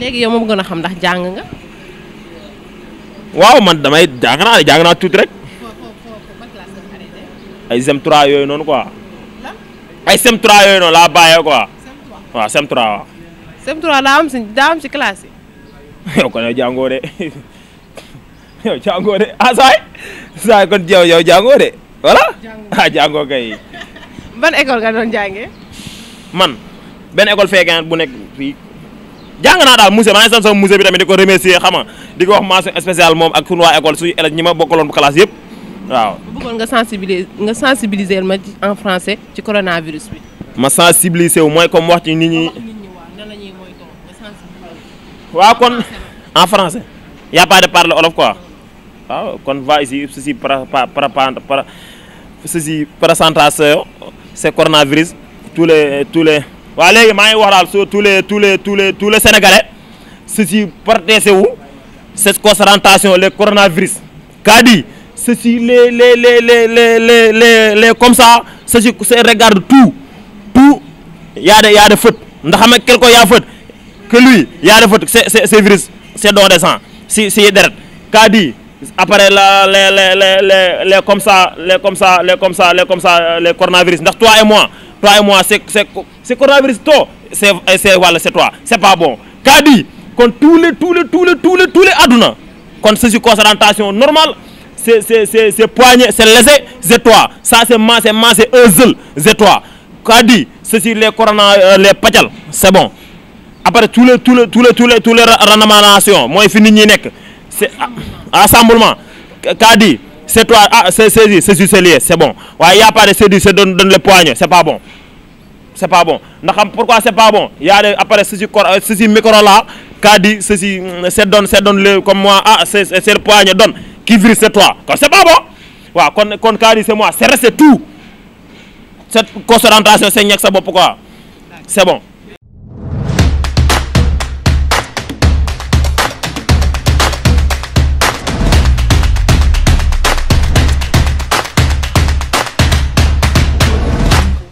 léegi yow moom gën a xam ndax jàng nga. waaw man damay jàng naa jàng naa tuuti rek. ay sem 3 yooyu noonu quoi. ay sem 3 yooyu noonu laa bàyyee quoi. waaw sem 3 waaw. sem 3 daa am si daa am si classe yi. yow kon yow jàngoo de yow jàngoo de ah saay saay kon yow yow jàngoo de voilà. ah jàngoo kay. ban école nga doon jàngee. man benn école fee bu nekk fii. jàng naa daal monsieur maa ngi sant sama monsieur bi tamit di ko remercier xam nga di ko wax mention spéciale moom ak sunu waa école suñu élèves ñi ma bokkaloon classe yëpp waaw. ma en français ci coronavirus bi. ma sensibiliser wu mooy comme wax ci nit ñi. waaw kon en français y a pas de parler quoi waaw kon va ici ceci par par par ceci présentation c'est coronavirus tous les tous les. waa léegi maa ngi wax daal sur tous les tous les tous les tous les sénégalais ceci partagé wu cette concentration les coronavirus qu'a dit ceci les les les les les les les les comme ça ceci c'est regarde tout tout yaa de yaa de fët ndax xam nga quelque yaa fët que lui yaa de fët c'est c'est virus c'est don de sang si si deret qu'a dit après la les les les les comme ça les comme ça les comme ça les comme ça les coronavirus ndax toi et moi Toi et moi, c'est coronavirus, toi, c'est voilà, c'est toi. C'est pas bon. Qu'a dit Quand tous les, tous les, tous les, tous les, tous les adouna, quand c'est une concentration normale, c'est poignet, c'est laissé, toi. Ça, c'est moi, c'est moi, c'est eux, c'est toi. Qu'a dit Ceci, les corona, euh, les patels, c'est bon. Après, tous les, tous les, tous les, tous les, tous les moi, il finit, c'est ah, assemblement. Qu'a dit c'est toi ah c'est se c'est lié c'est bon waaye y'a pas de saisi c'est donne le poignet c'est pas bon c'est pas bon ndax xam pourquoi c'est pas bon y a des après ceci cor euh, ceci micro là qu'a dit ceci mm, c'est donne c'est donne le comme moi ah c'est c'est le poignet donne qui vire se toi kon c'est pas bon waaw kon kon qu'a dit moi c'est resté tout cette concentration c'est ñeg sa bopp quoi c'est bon